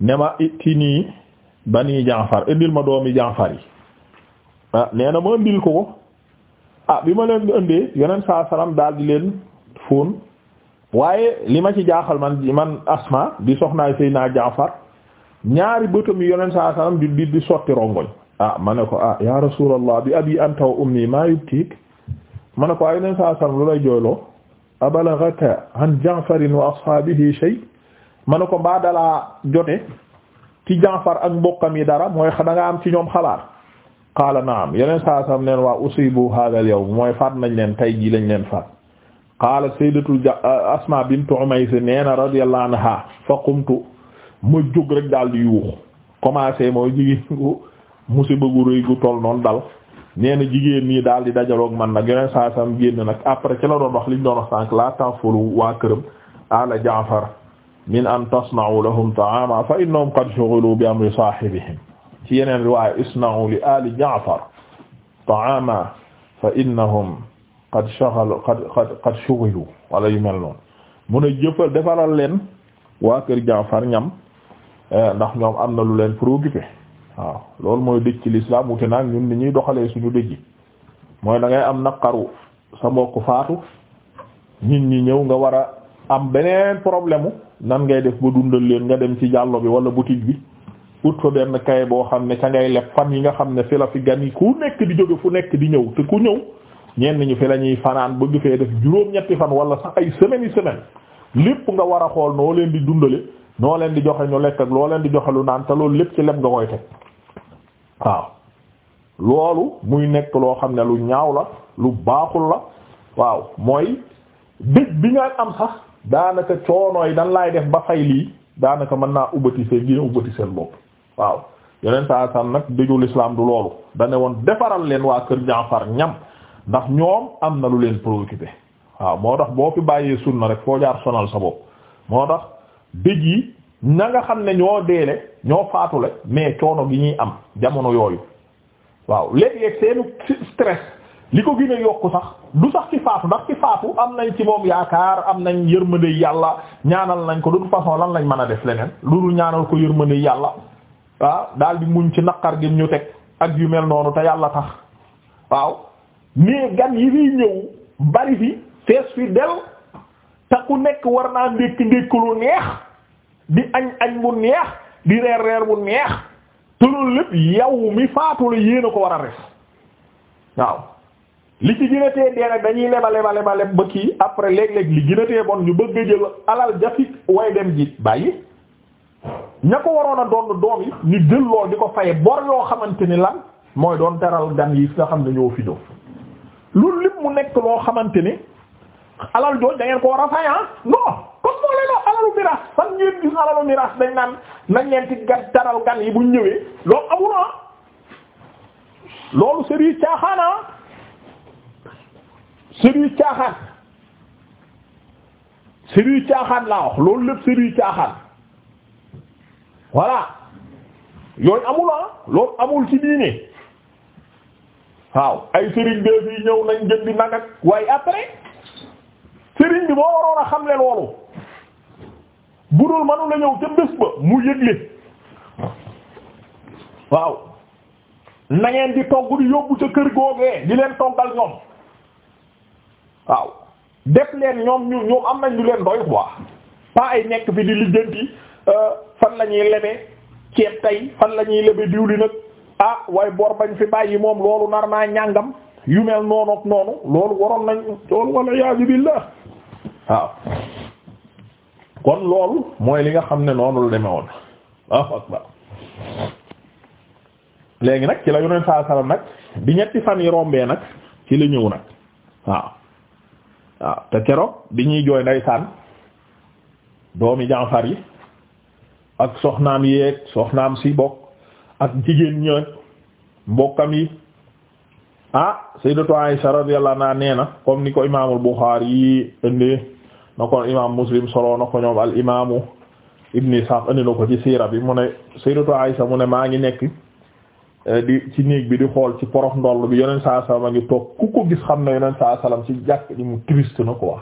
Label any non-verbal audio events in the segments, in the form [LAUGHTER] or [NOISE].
ne ma itti nii bani Jaafar indil ma doomi Jaafar yi ah nee na ma ko ah bi ma leen indee yeneen saasaram salaam daal di leen fóon waaye li ma ci jaaxal man man Asma di soxnaay Seydina Jaafar ñaari bëtam yi yeneen saa di di sotti rongoñ. ah ma ne ko ah ya Rasuulallah bi abi anta wa ummi maa yubtiik ma ne ko ay yeneen saa salaam lu lay jooyloo abalagaka an Jaafarin wa ashaabihi shay ma ne ko mbaa dalaa jote ci Jaafar ak mbokkam yi dara mooy da am ci ñoom xalaat qaala naam yeneen saa sam neen waa aussi bu al yawm mooy faat nañ leen tay ji lañ leen faat qaala sayyidatu euh, Asma bintu Umays neena radiyallahu anha fa qumtu ma jóg rek daal di yuux commencé mooy jigéen gu musiba gu rëy gu toll noonu dal nee jigéen ñi daal di dajaloog man nag yeneen saa sam génn nag après ci la doon wax liñ doon wax sànq la tafulu waa këram min an tasna'u lahum ta'ama fa innahum qad shughilu bi amri sahibihim ci yeneen riwaaya isna'u li ali ja'far ta'ama fa innahum qad shaghalu qad qad qad wala yu mel noonu mun a leen waa kër ja'far ñam eh, ndax ñoom am na lu leen préoccupé waaw loolu mooy dëj ci l'islam wute naag ñun ni ñuy doxalee suñu dëj mooy da ngay am naqaru sa mbokk faatu ñi ñëw nga war am beneen problème nan ngay def ba dundal leen nga dem ci jàllo bi wala boutique bi ut fa benn kay boo xam ne ca ngay leb fan yi nga xam ne fi la fi gan yi ku nekk di jóge fu nekk di ñëw te ku ñëw ñenn ñu fi la ñuy fanaan bëgg fee def juróom-ñetti fan wala sax ay semaines yi semaine lépp nga war a xool noo leen di dundale noo leen di joxe ñu lekk loo leen di joxe lu naan te loolu lépp ci leb nga koy teg waaw loolu muy nekk loo xam ne lu ñaaw la lu baaxul la waaw mooy bés am sax daanaka coono yi dan laay def ba fay lii daanaka mën naa ubati seen gina ubbati seen bopp waaw yeneen saa san nag dëjul islam du loolu dane woon defaral leen waa kër Jaafar ñam ndax ñoom am na lu leen préoccupé waaw moo tax boo fi bàyyee na rek foo jaar sonal sa bopp moo tax dëj yi na nga xam ne ñoo deele ñoo faatule mais coono gi ñuy am jamono yooyu waaw léeg-léeg seenu stress li ko gën a yokku sax du sax ci faatu ndax ci faatu am nañ ci moom yaakaar am nañ yërmande yàlla ñaanal nañ ko de toute façon lan lañ mën a def leneen loolu ñaanal ko yërmande yàlla waaw daal di muñ ci naqar gi ñu teg ak yu mel noonu te yàlla tax waaw mais gan yi fiy ñëw bari fi fees fi del te ku nekk war naa ndékki ndékki lu neex di añ añ bu neex di reer reer bu neex te loolu lépp yow mi faatu la yéen a ko war a ref waaw li ci gën a tee dee nag dañuy leba leba leba leb ba kii après léeg-léeg li gën bon ñu bëgg a jël alal jafi way dem ji bàyyi ña ko waroon a doon doom yi ñu jël lool di ko faye bor yoo xamante ni lan mooy doon teral gan yi nga xam ne ñoo fi ñëw loolu lépp mu nekk loo xamante ni alal jooj da ko war a fay ah non comme moo leen alalu miraas fan ngeen gis alalu miraas dañ naan nañ leen ci gan yi bu ñëwee loolu amul ah caaxaana ah? sëriñ caaxaan sëriñ caaxaan laa wax loolu lépp sëriñ caaxaan voilà yooyu amul ah loolu amul ci diine waaw ay sëriñ bee fii ñëw nañ jëndi nag ak waaye après sëriñ bi boo waroon a xamle loolu bu dul manu ñëw ca bés ba mu yëgle waaw na ngeen di togg di yóbbu ca kër googee di leen toggal ñoom waaw def leen ñoom ñu ñoom am nañ lu leen doy quoi pas ay nekk fi di lijjanti euh, fan la ñuy lebe ceeb tey fan la ñuy lebe diwlin nag ah waaye bor bañ fi bàyyi moom loolu nar naa ñàngam yu mel noonu ak noonu loolu waroon nañ loolu wala yaabi billah waaw kon loolu mooy li nga xam ne noonu la woon waaw nag ci lañu yoneen saa salaam nag bi ñetti fan yi rombee nag ci la ñëw nag waaw waaw te keroog bi ñuy jooy ndeysaan doomi Jaafar yi ak soxnaam yeeg soxnaam si bokk ak jigéen ñi mbokkam yi ah sayyidatu Aisha radiyallahu anha nee na comme ni ko imaamul Bukhari yi indi na ko imaam Muslim solo na ko ñoom al imaamu Ibn Ishaq indi na ko ci siira bi mu ne sayyidatu Aisha mu ne maa ngi nekk Euh, di ci néeg bi di xool ci porof ndoll bi yoneen saa salaam a ngi toog ku ko gis xam ne yoneen saa salaam ci jàkk ji mu triste na quoi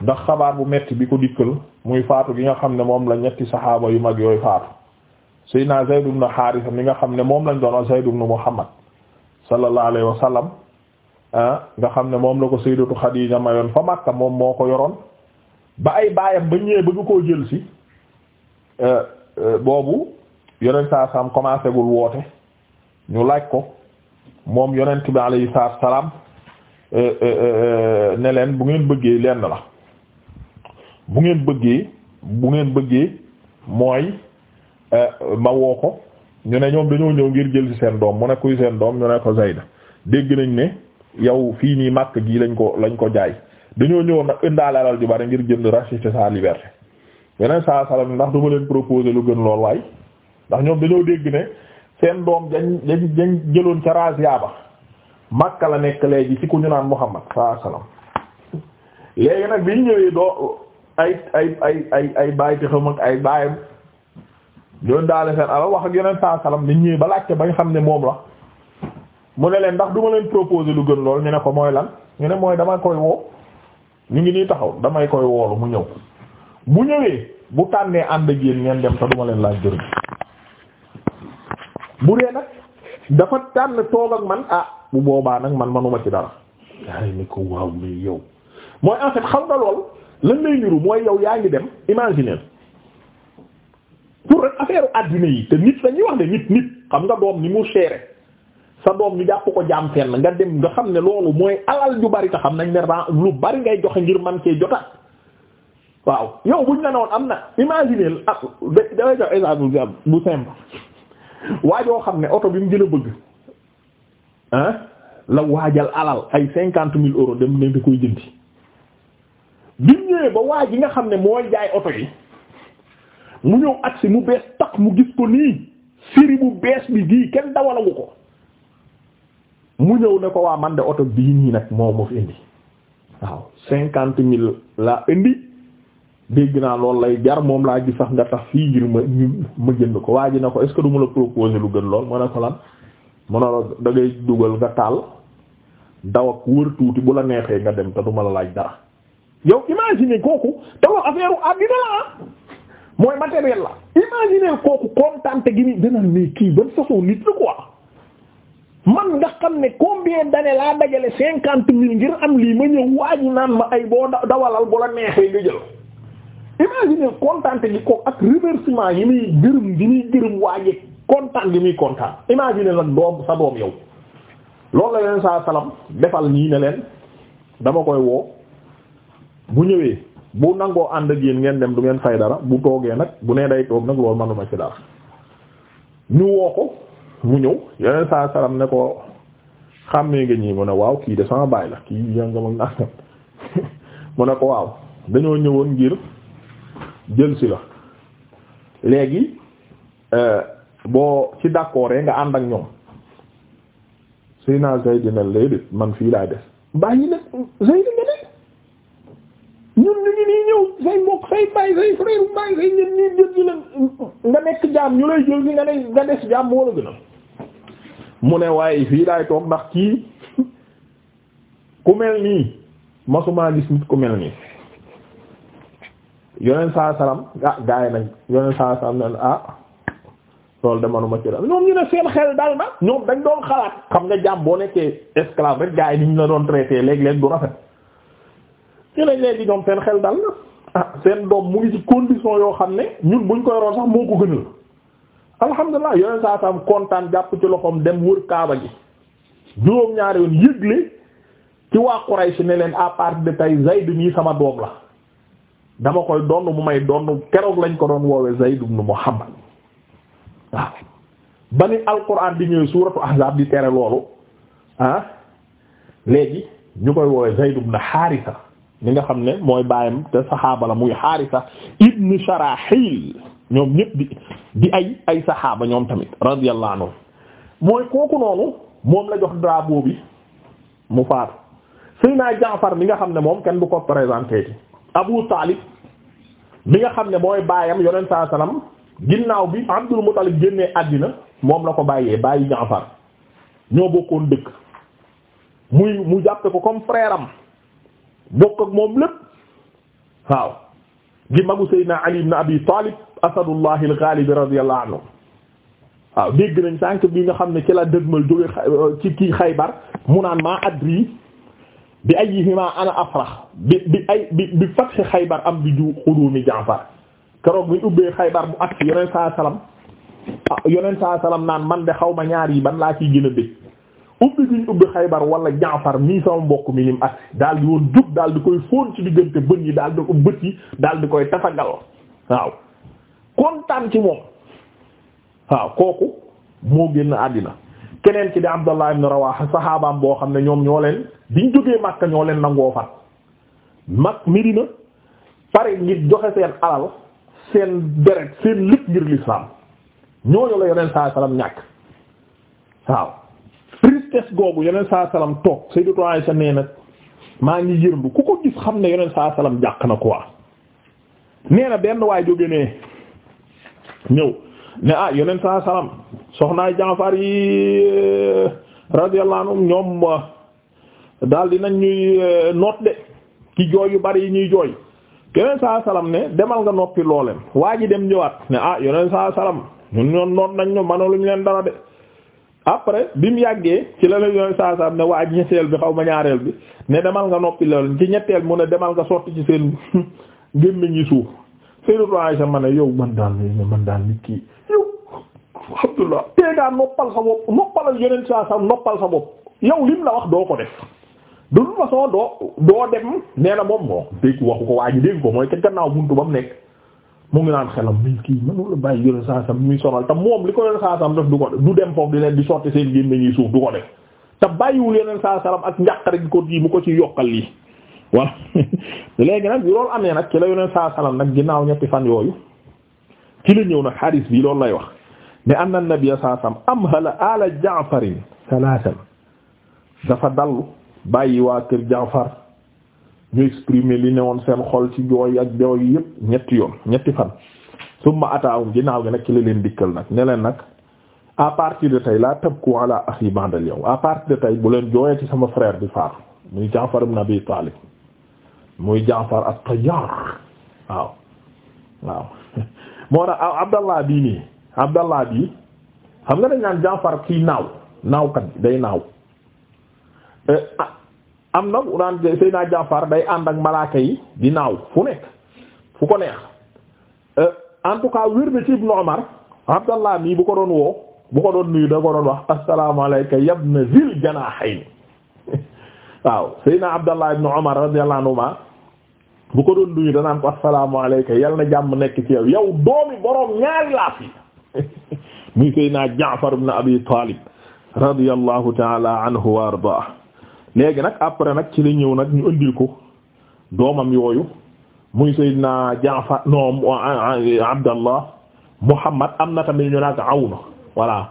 ndax xabaar bu metti bi ko dikkal muy faatu gi nga xam ne moom la ñetti saxaaba yu mag yooyu faatu Seydina Zayd ibn Haarisa mi nga xam ne moom lañ doon Zayd ibn Muhammad sallallahu alayhi wa sallam ah, nga xam ne moom la ko Sayyidatu Xadiija mayoon fa moom moo ko yoroon ba ay baayam ba ñëwee bëgg ko jël si euh, euh, boobu yoneen saa salaam commencé gul woote ñu laaj ko moom yonent bi alayhi salaam euh, euh, euh, ne leen bu ngeen bëggee lenn la bu ngeen bëggee bu ngeen bëggee mooy ma woo ko ñu ne ñoom dañoo ñëw ngir jël ci seen doom mu ne kuy seen doom ñu ne ko Zayda dégg nañ ne yow fii nii màkk gii lañ ko lañ ko jaay dañoo ñëw nag indaale alal ju bari ngir jënd racheter sa liberté yeneen saa salaam ndax du ma leen proposer lu gën lool waay ndax ñoom dañoo dégg ne. seen doom dañ dañ jëloon ca razia ba Makka la nekk léegi ci ku ñu naan Muhammad sallallahu alayhi wasallam léegi nag bi ñu ñëwee doo ay ay ay ay ay bàyyi te xam ak ay bàyyam doon daale seen alal wax ak yeneen saa salaam nit ñi ba laajte bañ xam ne moom la mu ne leen ndax duma leen proposer lu gën lool ñu ne ko mooy lan ñu ne mooy dama koy woo ñu ngi nii taxaw damay koy woolu mu ñëw bu ñëwee bu tànnee ànd ak yéen ngeen dem te duma leen laaj jërëjëf bu dee nag dafa tànn toog ak man ah bu boobaa nag man manuma ci dara ay ni ko waaw muy yow mooy en fait xam nga lool lan lay niru mooy yow yaa ngi dem imaginer pour rek affaire àddina yi te nit lañuy wax ne nit nit xam nga doom ni mu seere sa doom ñu jàpp ko jaam na nga dem nga xam ne loolu mooy alal ju bari te xam nañ ne lu bari ngay joxe ngir man cee jotaat waaw yow buñ la ne woon am na imaginer ah da- dafay jox exemple bu simple waajoo xam ne oto bi mu gën a bëgg la waajal alal ay cinquante mille euros dem ne da koy jëndi bi ñëwee ba waaj yi nga xam ne mooy jaay oto yi mu ñëw agsi mu bees tax mu gis ko nii série bu bees bi gii kenn dawalagu ko mu ñëw ne ko waa man de oto bii nii nag moo ma indi waaw cinquante mille laa indi dégg naa lool lay jar moom laa gis sax nga tax fii ngir ma ma jënd ko waa ji na ko est-ce que du ma la proposer lu gën lool mu ne ko la da neexee nga dem te ma laaj dara. yow imaginer kooku te loolu affaire u gi ni dana ne kii ban façon nit la quoi man nga xam ne combien d'années laa dajale cinquante mille ngir am lii ma ñëw waa naan ma ay boo dawalal bu la neexee nga jël. imagine kontaante gi ko ak remerciement yi muy gërëm gi muy gërëm waaye kontaan gi muy kontaan imagine nag doom sa doom yow loolu la leen saa salam defal ñi ne leen dama koy woo bu ñëwee bu nangoo ànd ak yéen ngeen dem du ngeen fay dara bu toogee nag bu nee day toog nag loolu manuma ci dara ñu woo ko mu ñëw yeneen saa salam ne ko xàmmee nga ñii mu ne waaw kii de sama baay la kii yëngam ak naan [LAUGHS] mu ne ko waaw dañoo ñëwoon ngir jël si la léegi euh, boo ci d'accord nga ànd ak ñoom suy naa Zayd na léegi man fii laay des bàyyi nag Zayd nga def ñun ñu ngi ñëw say mbokk say baay say frère baay say ñun ñuy jël la nga nekk jaam ñu lay jël nga ne nga des jaam moo la gën mu ne waaye fii laay toog ndax kii ku mel nii masumaa gis nit ku mel nii yoneen saa salaam ah gars yi nag yoneen saa salaam ne ah loolu de manuma ci daal ñoom ñu ne seen xel dal na ñoom dañ doon xalaat xam nga jàmm boo nekkee esclave rek gars yi ni ñu la doon traité léeg-léeg du rafet ñu ne léegi ñoom seen xel dal na ah seen doom mu ngi ci condition yoo xam ne ñun buñ koy roon sax moo ko gënal alhamdulilah yoneen saa salaam kontaan jàpp ci loxoom dem wër kaaba gi juróom ñaari yoon yëgle ci waa Quraysh ne leen à partir de tey Zayd nii sama doom la. dama koy donn mu may donn keroog lañ ko doon woowe Zayd ibn Muhammad waaw ba ni alquran di ñëw suuratu ahzab di tere loolu ah léegi ñu koy woowe Zayd ibn Haarisa li nga xam ne mooy baayam te saxaaba la muy Haarisa ibn Sharahil ñoom ñëpp di di ay ay saxaaba ñoom tamit radiyallahu anhu mooy kooku noonu moom la jox drapeau bi mu faatu Seydina Jaafar mi nga xam ne moom kenn du ko présenté Abu Taalib mi nga xam ne mooy baayam yonen saa salaam ginnaaw bi Abdul Muttalib génnee àddina moom la ko bàyyee bàyyi Jaafar ñoo bokkoon dëkk muy mu jàppe ko comme frère bokk ak moom lépp waaw gi magu Seydina Ali ibn Abi Taalib asadullahi al-ghalib radiyallahu anhu waaw dégg nañ sànq bi nga xam ne ci la dëgmal jóge ci kii Xaybar mu naan maa adri bi ayyihima ana afrax bi bi ay bi bi fathi xaybar am bi ju xudumi Jaafar keroog bi ubbee xaybar bu ak yonent saa salaam ah, yonent saa salaam naan man de xaw ma ñaar yi ban laa ciy gën a bëgg ubbi bi ñu wala Jaafar mii mbokk mi nim ak daal di koy fóon ci diggante bën yi daal di ko bët yi daal di koy tafagal waaw kontaan ci moom waaw kooku moo génn àddina keneen ki di Abdallah ibn Rawaha saxaabaam boo xam ne ñoom ñoo leen. biñ jógee Makka ñoo leen nangoo fat mag Medina pare ngir joxe seen alal seen deret seen lépp ngir l'islam ñooñu la yoneen saa salaam ñàkk waaw tristesse googu yoneen saa salaam toog Sayyidatu Aisha nee na maa ngi yërndu ku ko gis xam ne yoneen saa salaam jàq na ko nee na benn waay jóge ne ñëw ne ah yoneen saa salaam soxnaay Jaafar yi radiyallahu anhum ñoom. daal dinañ ñuy euh, noot de ci jooy yu bari yi ñuy jooy yoneen saa salaam ne demal nga noppi looleen waa ji dem ñëwaat ne ah yoneen saa salaam ñun ñoon noot nañ ñu mënaluñ leen dara de après bi mu yàggee ci la leen yoneen saa salaam ne waa ji ñetteel bi xaw ma ñaareel bi ne demal nga noppi looleen ci ñetteel mu ne demal nga sotti ci seen [LAUGHS] gémmiñ yi suuf Sayyidatu Aisha ma ne yow man daal man daal nit ki yow Abdullah tee gaa noppal sa bopp noppalal yoneen noppal sa bopp yow lim la wax doo ko de toute façon doo doo dem nee na moom moo dégg waxu ko waa ji dégg ko mooy ca gannaaw buntu ba mu nekk mu ngi naan xelam mi kii mu la muy sonal te moom li ko yoneen saasam def du ko du dem foofu di leen di sotti seen génne ñuy suuf du ko def te bàyyiwul yeneen saasaram ak njàqare gi ko di mu ko ci yokkal lii voilà [LAUGHS] léegi nag nag la yoneen nag ginnaaw ñetti fan yooyu ci la ñëw nag hadis bi loolu lay wax ne anna nabiyya saasam amhala ala ja'farin salatan dafa dallu bàyyi waa kër Jaafar ñu exprimer li ne woon seen xol ci jooy ak jooy yépp ñetti yoon ñetti fan summa ataawum ginnaaw gi nag ci la leen dikkal nag ne nag à partir de tey la tabku ala axi ba'dal yawm à partir de tey bu leen jooyee ci sama frère bi faatu muy Jaafar ibn Abi Talib muy Jaafar at-Tayyar waaw waaw [LAUGHS] moo tax Abdallah bii nii Abdallah bii xam nga dañ naan Jaafar kii naaw naawkat day naaw Eh, ah, am na bu daan Seydina Jaafar day ànd ak malaaka yi di naaw fu nekk fu ko neex eh, en tout cas wér na ci Ibnu Umar Abdallah mii bu ko doon woo bu ko doon nuyu da ko doon wax assalaamu alayka yabna zil janaahayn [LAUGHS] waaw Seydina Abdallah ibnu Umar radiyallahu anhuma bu ko doon nuyu danaan ko assalaamu alayka yal na jàmm nekk ci yow yow doomi boroom ñaari laaf yi [LAUGHS] muy Seydina Jaafar ibnu Abi Taalib radiyallahu ta'ala anhu wa ardaah léegi nag après nag ci la ñëw nag ñu ëndil ko doomam yooyu muy Seydina Jaafar noom Abdallah Muhammad am na tamit ñu naan Awn voilà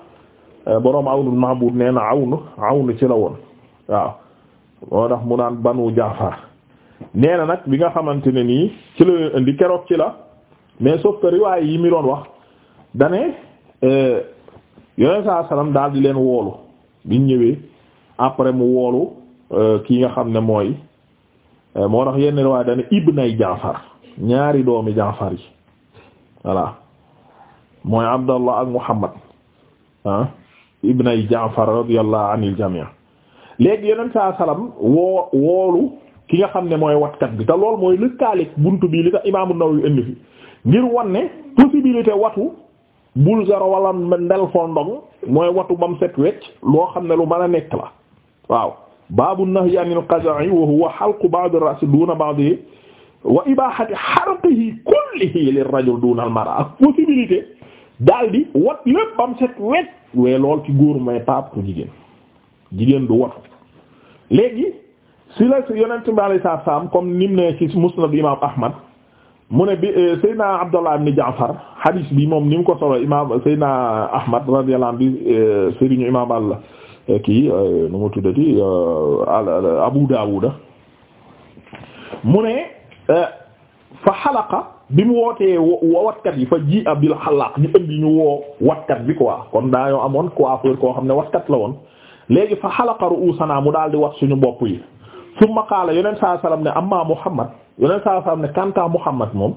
euh, boroom Awnul Ma'bud nee na Awn Awn ci la woon waaw moo tax mu naan Banu Jaafar nee nag bi nga xamante ne nii ci la indi keroog ci la mais sauf que yi mi doon wax dane yoneen saa salaam daal di leen woolu biñ ñëwee après mu woolu Euh, kii nga xam ne mooy euh, moo tax yenn waaye dana ibnay jaafar ñaari doomi jaafar yi voilà mooy abdallah ak muhammad ah ibnay jaafar radiyallahu anil jami' léegi yeneen saa salaam woo woolu ki nga xam ne mooy watkat bi te lool mooy lëkkaalik buntu bii li tax imaamu Nawawi indi fi ngir wan ne possibilité watu bul zero ndel foo ndong mooy watu bam set wecc loo xam ne lu mën a nekk la waaw baabu nahyi anil qaza'i wa huwa halqu ba'di ar-ra'si duna ba'di wa ibahati halqihi kullihi lirajul duna al-mar'a ak wat lépp set wet wee lool ci góor may paap ko jigéen jigéen du watu léegi si la yonent bi alayhi salaatu salaam nim ne ci musnad imam ahmad mu ne bi euh, Seydina Abdallah ibn Jaafar bi moom ni ko solo imam Seydina ahmad radiyallahu anhu bi euh, sëriñu Allah Euh, kii euh, nu mu tuddati euh, Abu Daawuda mu ne fa xalaqa bi mu wootee watkat yi fa jii a bil xalaq ñu indi ñu woo watkat bi quoi kon daa yoo amoon ko coiffeur koo xam ne watkat la woon léegi fa xalaqa ru'uusanaa mu daal di wax suñu bopp yi summa qaala yeneen saa salaam ne amma Muhammad yeneen saa salaam ne kanta Muhammad moom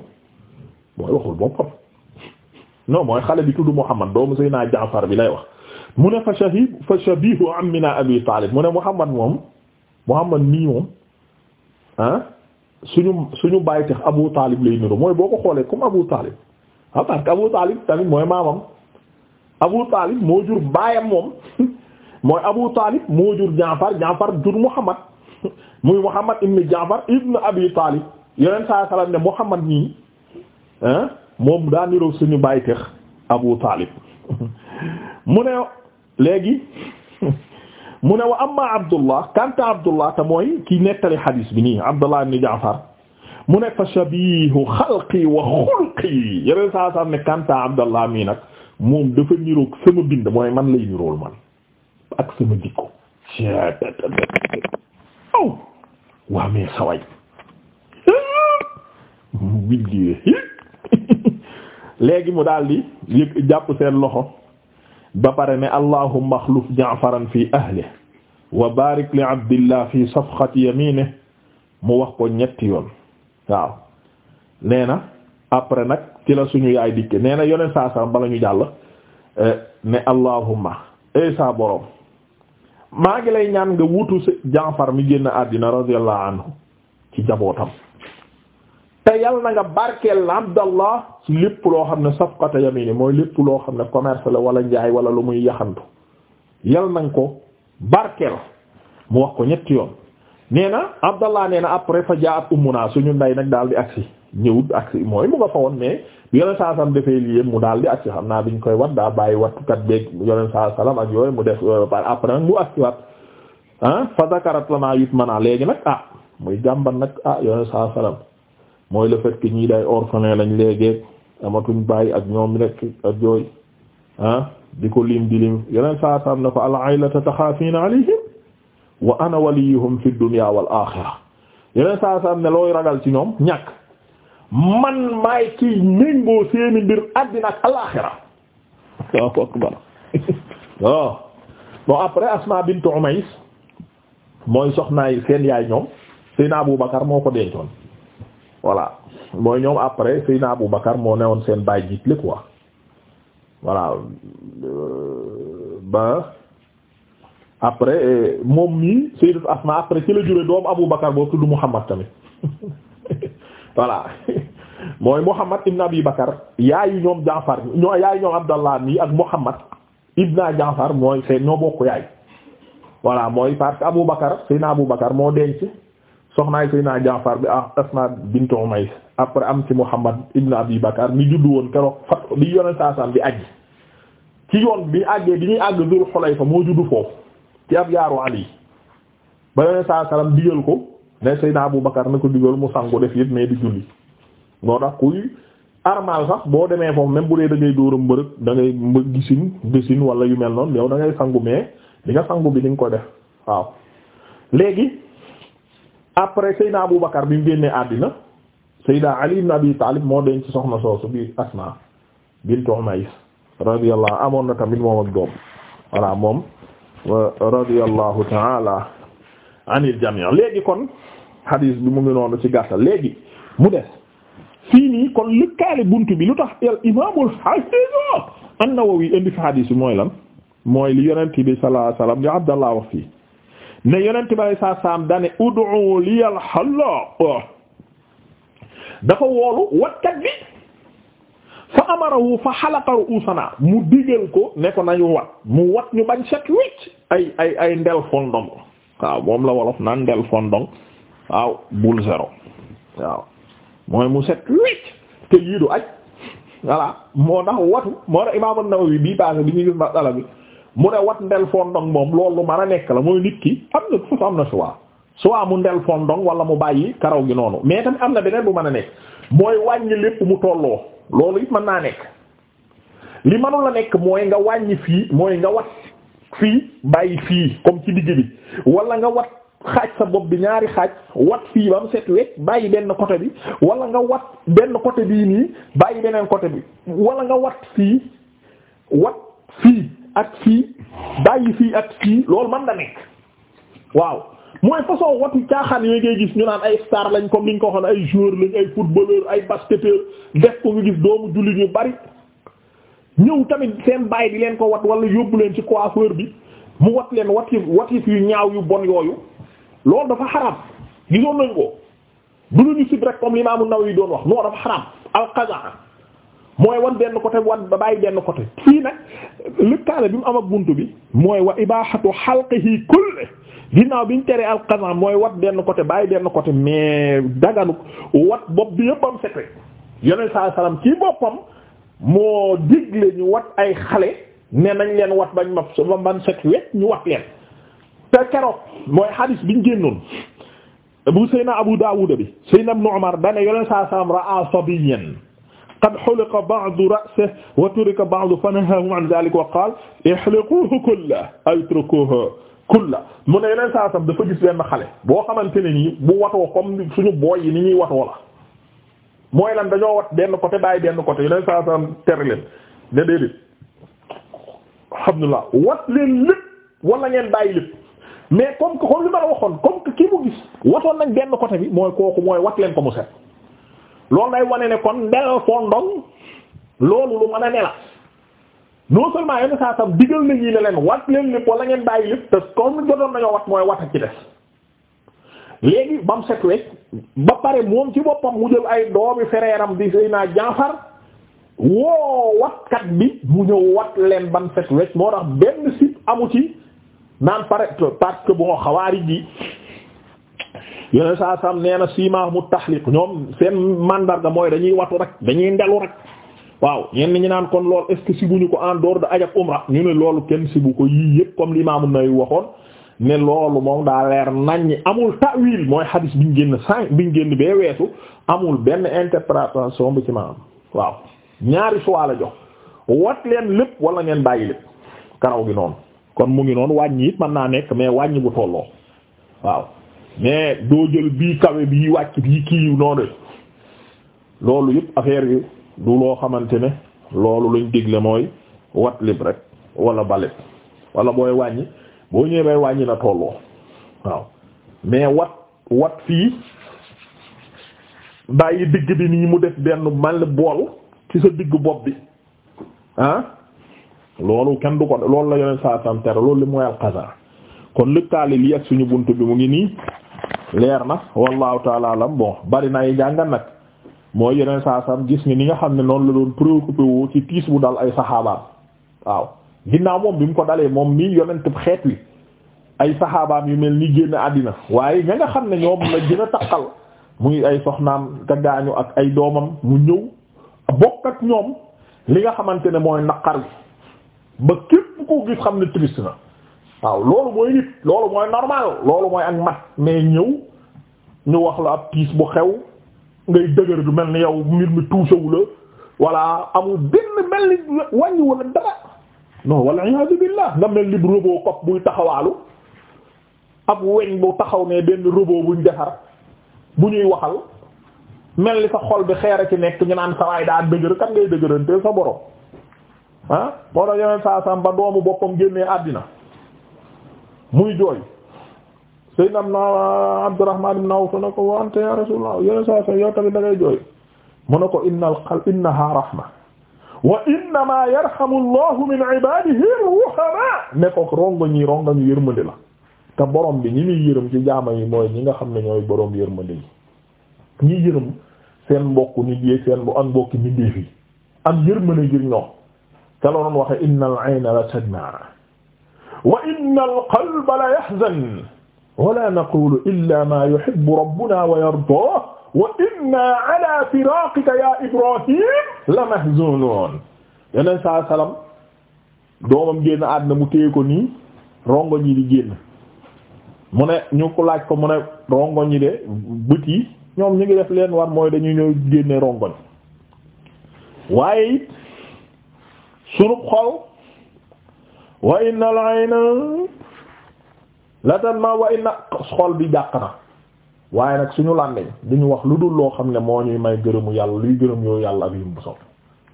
mooy waxul boppam non mooy xale bi tudd Muhammad doomu Seydina Jaafar bi lay wax. mu ne fa shahib fa shabihu ammina abi talib mu ne muhammad moom muhammad mii moom ah suñu suñu bàyyi tax abu talib lay niru mooy boo ko xoolee comme abu talib ah parce abu talib tamit mooy maamam abu talib moo jur baayam moom [LAUGHS] mooy abu talib moo jur jaafar jaafar jur muhammad [LAUGHS] muy muhammad ibn jaafar ibn abi talib yeneen saa salaam ne muhammad nii ah moom daa niroog suñu baay tax abu talib [LAUGHS] mu ne léegi mu ne wa amma abdullah kanta abdullah te mooy ki nettali xadiis bi nii abdullah ibn jaafar mu ne fa shabihu xalqi wa xulqi yeneen saa saa kanta abdullah mii nag moom dafa niroog sama bind mooy man lay nirool man ak sama jikko aw waa mais saway [LAUGHS] léegi mu daal di yëg jàpp loxo ba pare ne allahumma axluf ja'faran fi ahlihi wa barik li abdillah fi safxati yaminihi mu wax ko ñetti yoon waaw nee na après nag ci suñu yaay dikke nee na yoneen saa saa bala ñu jàll eh, ne allahumma ay saa boroom maa ngi lay ñaan nga wutu sa Jaafar mi génn àddina radiyallahu anhu ci jabootam te yal na nga barkeel abdallah ci lépp loo xam ne safqata yamini mooy lépp loo xam ne commerce la wala njaay wala lu muy yaxantu yal na nga ko barkel mu wax ko ñetti yoon nee na abdallah nee na après fa jaa naa su ñu nday nag daal di agsi ñëwut agsi mooy mu nga fa woon mais yoneen saa sallam dafay lii mu daal di agsi xam naa biñ koy wat daa bàyyi wattukat beeg yoneen saa sallam ak yooyu mu def après nag mu agsi wat ah fa zakarat lana yutmana léegi nag ah muy jàmban nag ah yoneen saa mooy la fait ñi ñii day orphelin lañ léegi amatuñ bàyyi ak ñoom rek ak jooy ah, di ko lim di lim yeneen saa saam ne ko al aylata taxaafiina alayhim wa ana waliyuhum fi dunya wal axira yeneen saa saam ne looy ragal ci ñoom ñàkk man maay kii méngoo seeni mbir àddina ak alaaxira waaw après Asma bint Umays mooy soxnaay seen yaay ñoom Seydina Abu Bakar moo ko dencoon. voilà mooy ñoom après Seydina Abu Bakar moo woon seen baay jiit li quoi voilà ba après moom mii Sayyidatu Asma après ci la jure doom Abu Bakar boobu tudd Muhammad tamit [LAUGHS] voilà mooy Muhammad ibn Abi Bakar yaayu ñoom Jaafar yaayu ñoom Abdallah mii ak Muhammad ibn Jaafar mooy seen ñoo bokk yaay voilà mooy parce que Abu Bakar Seydina Abu Bakar moo denc soxnaay naa Jaafar bi ah Asma bint Umays après am ci Muhammad ibn Abi Bakar mi juddu woon keroog fat bi yoneen saasam bi ajji ci yoon bi àggee bi ñuy àgg Dul Xulayfa moo juddu foofu ci ab yaaru Ali ba yoneen saa sallam digal ko ne Seydina Abu Bakar na ko digal mu sangu def yëpp mais di julli moo tax kuy armal sax boo demee foofu même bu dee da ngay dóora mbërëg da ngay gisin gisin wala yu mel noonu yow da ngay sangu mais bi nga sangu bi ni nga ko def waaw après Seydina Abu Bakar bi mu génnee àddina Seydina Ali ibn Abi Talib moo denc ci soxna soosu bi Asma bint Umays radiyallahu amoon na tamit moom ak doom voilà moom radiyallahu ta'ala anil jami' léegi kon hadis bi mu ngi noonu ci gàttal léegi mu des fii nii kon lëkkaale bunt bi lu tax al imaamul hafiz an-Nawawi indi fi hadis bi mooy lan mooy li yonent bi sallallahu alayhi li Abdallah wax fii ne yeneen bi alay saa saam dane ud'u li al hallaq dafa woolu watkat bi fa amarahu fa xalaqa ru'usana mu digal ko ne ko nañu wat mu wat ñu bañ set wicc ay ay ay ndel fondong waaw moom la wolof naan ndel fondong waaw bul zéro waaw mooy mu set wicc te yii du aj moo tax watu moo tax imaam an-Nawawi bii passé bi ñu gis masala bi mu ne wat ndel fondong moom loolu mën a nekk la mooy nit ki am na foofu am na choix soit mu ndel fondong wala mu bàyyi karaw gi noonu mais tamit am na beneen bu mën a nekk mooy wàññi lépp mu tolloo loolu it mën naa nekk li mënu la nekk mooy nga wàññi fii mooy nga wat fii bàyyi fii comme ci digg bi wala nga wat xaaj sa bopp bi ñaari xaaj wat fii ba mu set wecc bàyyi benn côté bi wala nga wat benn côté bii nii bàyyi beneen côté bi wala nga wat fii wat fii ak fii bàyyi fii ak fii loolu man da nekk waaw mooy façon watu caaxaan yooyu ngay gis ñu naan ay star lañ comme li liñ ko waxoon ay joueur lañ ay footballeur ay basketteur def ko nga gis doomu jullit ñu bari ñëw tamit seen bàyyi di leen ko wat wala yóbbu leen ci coiffeur bi mu wat leen watif watif yu ñaaw yu bon yooyu loolu dafa xaram gisoon nañ ko du lu ñu sib rek comme l'imam An-Nawawi doon wax non dafa xaram al mooy wan benn côté wan ba bàyyi benn côté fii nag lëkkaale bi mu am ak buntu bi mooy wa ibahatu xalqihi kulli ginnaaw bi ñu teree alxasan mooy wat benn côté bàyyi benn côté mais daganu wat bopp bi yëppam set rek yonent saa salaam ci boppam moo digle ñu wat ay xale ne nañ leen wat bañ mab ba man set wet ñu wat leen te keroog mooy hadis biñ génnoon bu seyna Abu Daawuda bi seyna Ibnu Umar dane yonent saa salaam ra'a sabiyyan qad xuliqa ba'du ra'sihi wa turika ba'du fa nahaahum an dhaalika wa qaala ihliquuhu kullahu aw utrukuuhu kullahu mu ne yeneen saa sam dafa gis benn xale boo xamante ne nii bu watoo comme suñu booy yi ni ñuy watoo la mooy lan dañoo wat benn côté bàyyi benn côté yeneen saa sam tere leen ne déedéet alhamdulillah wat leen lépp wala ngeen bàyyi lépp mais comme que xool li ma la waxoon comme que kii mu gis watoon nañ benn côté bi mooy kooku mooy wat leen ko mu set loolu day wane ne kon ndel fondong loolu lu mën a ne la non seulement yenn saa tam digal na ñi ne lépp wala ngeen bàyyi lépp te comme jotoon nañoo wat mooy wat a ci des léegi bam set wecc ba pare moom ci boppam mu jël ay doomi fereeram di sëy naa Jaafar woo watkat bi mu ñëw wat leen bam set wecc moo tax benn site amu ci naan pare parce que bon xawaari gi yoneen saa sam nee na siimaax mu taxliq ñoom seen màndarga mooy dañuy watu rek dañuy ndelu rek waaw ñenn ñi naan kon lool est ce que ñu ko en dehors de aj ak umra ñu ne loolu kenn si sibu ko yii yëpp comme l'imam an-Nawawi waxoon ne loolu moom daa leer naññ amul ta'wil mooy xadis biñ génn sànq biñ génn bee weesu amul benn interprétation bu ci ma am waaw ñaari choix la jox wat leen lépp wala ngeen bàyyi lépp karaw gi noonu kon mu ngi noonu wàññi it naa nekk mais wàññi bu tolloo waaw mais doo jël bii kawe bii wàcc bii kii noonu loolu yëpp affaire yi du loo xamante ne loolu lañ digle mooy wat lib rek wala balet wala booy wàññi boo ñëwee wàññi na tolloo waaw mais wat wat fii bàyyi digg bi nii mu def benn mal bool ci sa digg bopp bi ah loolu kenn du ko loolu la yoneen saa santere loolu li mooy alxasar kon lëkkaali li ak suñu bunt bi mu ngi nii leer na wallahu taala alam bon bari na ay jàngat nag moo yeneen saa sam gis nga ni nga xam ne noonu la doon préoccupé woo ci tiis bu dal ay saxaabaam waaw ginnaaw moom bi mu ko dalee moom mii yonent xeet wi ay saxaabaam yu mel ni génn àddina waaye ña nga xam ne ñoom la gën a takkal muy ay soxnaam te gaañu ak ay doomam mu ñëw bokk ak ñoom li nga xamante ne mooy naqar bi ba képp koo gis xam ne triste na waaw loolu mooy nit loolu mooy normal loolu mooy ak mat mais ñëw ñu wax la ab tiis bu xew ngay dëgër du mel ni yow mbir mi tuusewu la voilà amul benn mel ni wàññi wala dara non wala iyaadu billah nga mel ni robot cop buy taxawaalu ab weñ bu taxaw ne benn robot buñ defar bu ñuy waxal mel ni sa xol bi xeer ci nekk ñu naan sa waay daa dëgër kan ngay dëgërante sa borom ah moo tax yeneen saa sam ba doomu boppam génnee àddina muy jooy Seydina Abdurrahman ibn Awf na ko wa anta ya Rasulullah yow saa sa yow tamit da ngay jooy mu ne ko innal qalb innaha rahma wa innama yarhamu Allahu min ibadihi ar-ruhama ne ko rongo ñi rongo ñu yërmande la te borom bi ñi muy yërëm ci jaama yi mooy ñi nga xam ne ñooy borom yërmande yi ñi yërëm seen mbokk nit yi seen bu am mbokki mindeef yi am yërmande ngir ñoom te la doon ayna la tadma wa inna alqalba la yahzan wala naqulu illa ma yuhibbu rabbuna wa yardah wa inna ala firaqika ya ibrahim la mahzunun yeneen saa salaam doomam génn mu téye ko rongoñ yi di mu ne ñu ko laaj ko mu ne rongoñ yi de bët ñoom ñu ngi def leen war mooy dañu ñëw génne rongoñ waaye it sunu xol wa inna al ayna la tanma wa inna xol bi jàq na waaye nag suñu làmmiñ ñu wax lu dul loo xam ne moo ñuy may gërëmu yàlla luy gërëm yoo yàlla ak yum bu sopp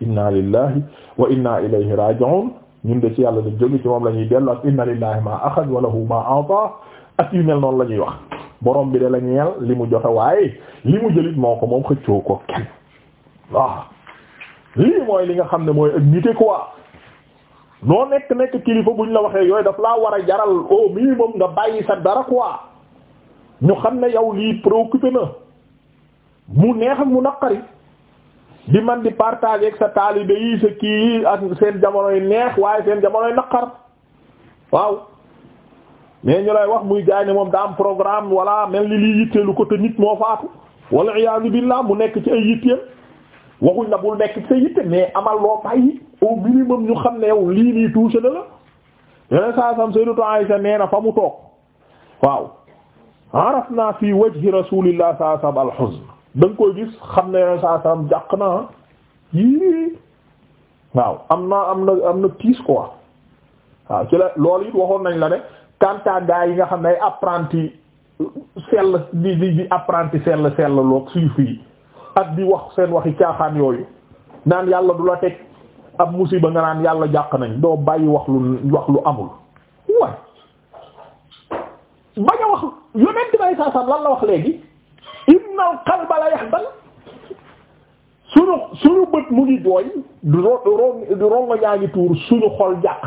inna lillahi wa inna ilayhi raji'un ñun de ci yàlla dañ jóge ci moom lañuy ñuy dellu ak inna lillahi ma axad wa lahu ma ata ak yu mel noonu la ñuy wax borom bi de la ñeel li mu joxe waaye li mu jëlit moo ko moom xëccoo ko kenn waaw lii mooy li nga xam ne mooy ak nite quoi noo nekk nekk kilifa buñ la waxee yooyu daf laa war a jaral au minimum nga bàyyi sa dara waa ñu xam ne yow lii préoccupé na mu neex ak mu naqari di man di partager ak sa taalibe yi sa kii yi ak seen jamonoy neex waaye seen jamonoy naqar waaw mais ñu lay wax muy gaay moom daa am programme wala mel ni lii yitteelu ko te nit moo faatu walla iyaazu billaah mu nekk ci ay yitteem waxuñ la bul nekk sa yitte mais amal loo bàyyi au minimum ñu xam ne yow lii nii touché na la yeneen saa sam Sayyidatu Aisha nee na fa mu toog waaw naa fi wajhi rasulillah saa sam al-huzn da nga koy gis xam ne yeneen saa sam jàq na yii waaw am na am na am na tiis quoi waaw ci la loolu it waxoon nañ la ne kanta gaa yi nga xam ne ay apprenti sell di di di apprenti sell sell loog suy fii ak bi wax seen waxi caaxaan yooyu naan yàlla du la teg ab musiba nga naan yàlla jàq nañ doo bàyyi wax lu wax lu amul waaye bañ a wax yonent bay saasam lan la wax léegi innal qalba la yahzan suñu suñu bët mu ngi jooy du rongo ñaa ngi tuur suñu xol jàq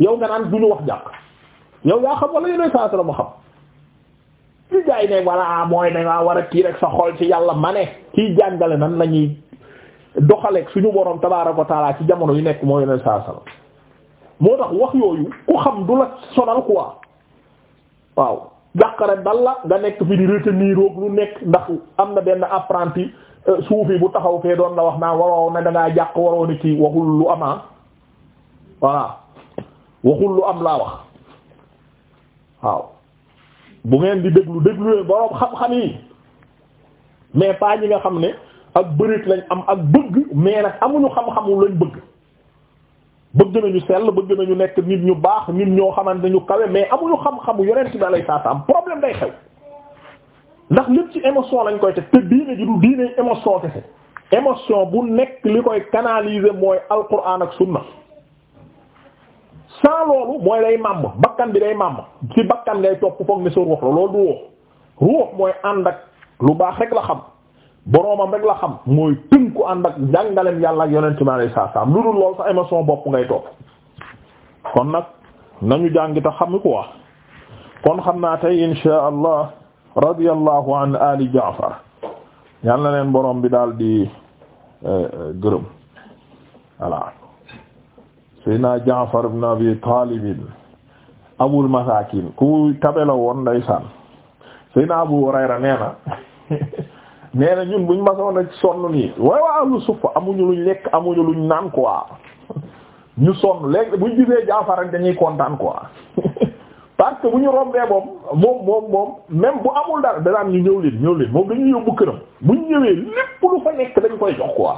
yow nga naan duñu wax jàq yow yaa xam wala yonent saasam ma xam li gars yi ne mooy dangaa war a kii rek sa xol ci yàlla ma ne kii jàngale nan la ñuy doxaleeg suñu borom tabaara wa taala ci jamono yu nekk moo yeneen saa moo tax wax yooyu ku xam du la sonal quoi waaw jàqare dal la nga nekk fi di retenir roog lu nekk ndax am na benn apprenti euh, suufi bu taxaw fee doon la wax naa waroo na dangaa jàq waroo ni ci waxul lu am ah. voilà waxul lu am laa wax waaw bu ngeen di déglu déglu leen boroom xam-xam yi mais pas ñi nga xam ne ak bëreet lañ am ak bëgg mais nag amuñu xam-xamu lañ bëgg bëgg nañu sell bëgg nañu nekk nit ñu baax nit ñoo xamante ñu kawe mais amuñu xam-xamu yonent bi alayhi salaam problème day xew ndax lépp ci émotion lañ koy teg te diine ji du diine émotion kese émotion bu nekk li koy canaliser mooy alquran ak sunna sans loolu mooy day màmm bakkan bi day màmm ci bakkan ngay topp foog ne sa ruux la loolu du ruux mooy ànd ak lu baax rek la xam boroomam rek la xam mooy tënku ànd ak jàngaleem yàlla ak yonent mi alayhi salaam lu dul loolu sa émotion bopp ngay topp kon nag nañu jàngi ta xam quoi kon xam naa tey insha allah radiyallahu an ali jaafar yàlla na leen borom bi daal di eh, gërëm voilà Seydina Jaafar ibn Abi Taalib abul masakin ku tabela woon ndeysaan Seydina naa Hurayra nee na [LAUGHS] nee na ñun buñ masoon a sonn nii waaye waa ahlu suffa amuñu luñ lekk amuñu luñ naan quoi [LAUGHS] ñu sonn léegi buñ gisee Jaafar rek dañuy kontaan quoi [LAUGHS] parce que bu ñu rombee moom moom moom moom bu amul dara danaan ñu ñëw leen ñëw leen moom dañuy yóbbu këram buñ ñëwee lépp lu fa nekk dañ koy jox quoi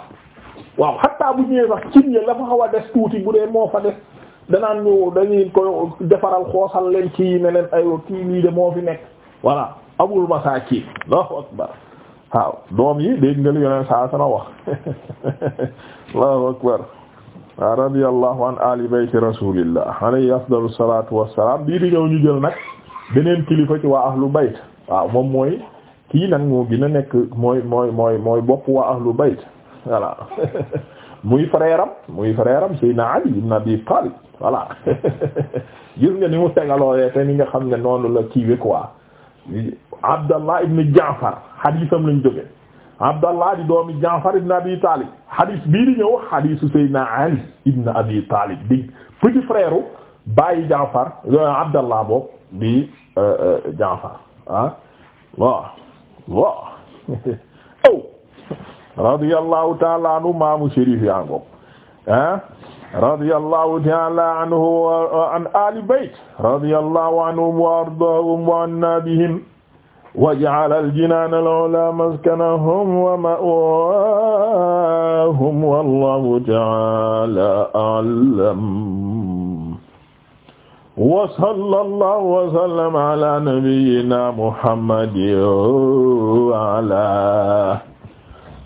waaw xatta bu ñëwee sax cin ya la fa xaw a des tuuti bu dee moo fa des danaan ñu dañuy koy defaral xoosal leen ci ne leen aywa kii lii de moo fi nekk voilà abul masaakin allahu akbar waaw doom yi dégg nga li yoneen saa sama wax [LAUGHS] allahu akbar waaw radiyallahu an ali bayti rasulillah afdalu salatu wassalam bii di ñëw ñu jël nag beneen kilifa ci waa ahlu bayt waaw moom mooy kii nag moo gën a nekk mooy mooy mooy mooy bopp waa ahlu bayt voilà [LAUGHS] muy frère am muy frère am Seydina Ali ibn Abi Talib voilà [LAUGHS] gis nga ni mu tegaloolee te ni nga xam ne noonu la kiiwe quoi Abdallah ibn Jaafar xadiisam lañ jóge Abdallah di doomi Jaafar ibn Abi Talib xadiis bii di ñëw xadiisu Seydina Ali ibn Abi Talib di petit frère u bàyyi Jaafar euh, Abdallah boobu di euh, euh, Jaafar ah. waaw waaw [LAUGHS] oh. radiyallahu taala anhu maamu shérif yaa ngoog ah radiyallahu taala anhu an ali bayt radiyallahu anhum wa ardaahum wa anna bihim wa ja'ala al-jinaan al-'ulaa maskanahum wa ma'waahum wallahu taala a'lam wa sallallahu wa sallama ala nabiyyina muhammadin wa ala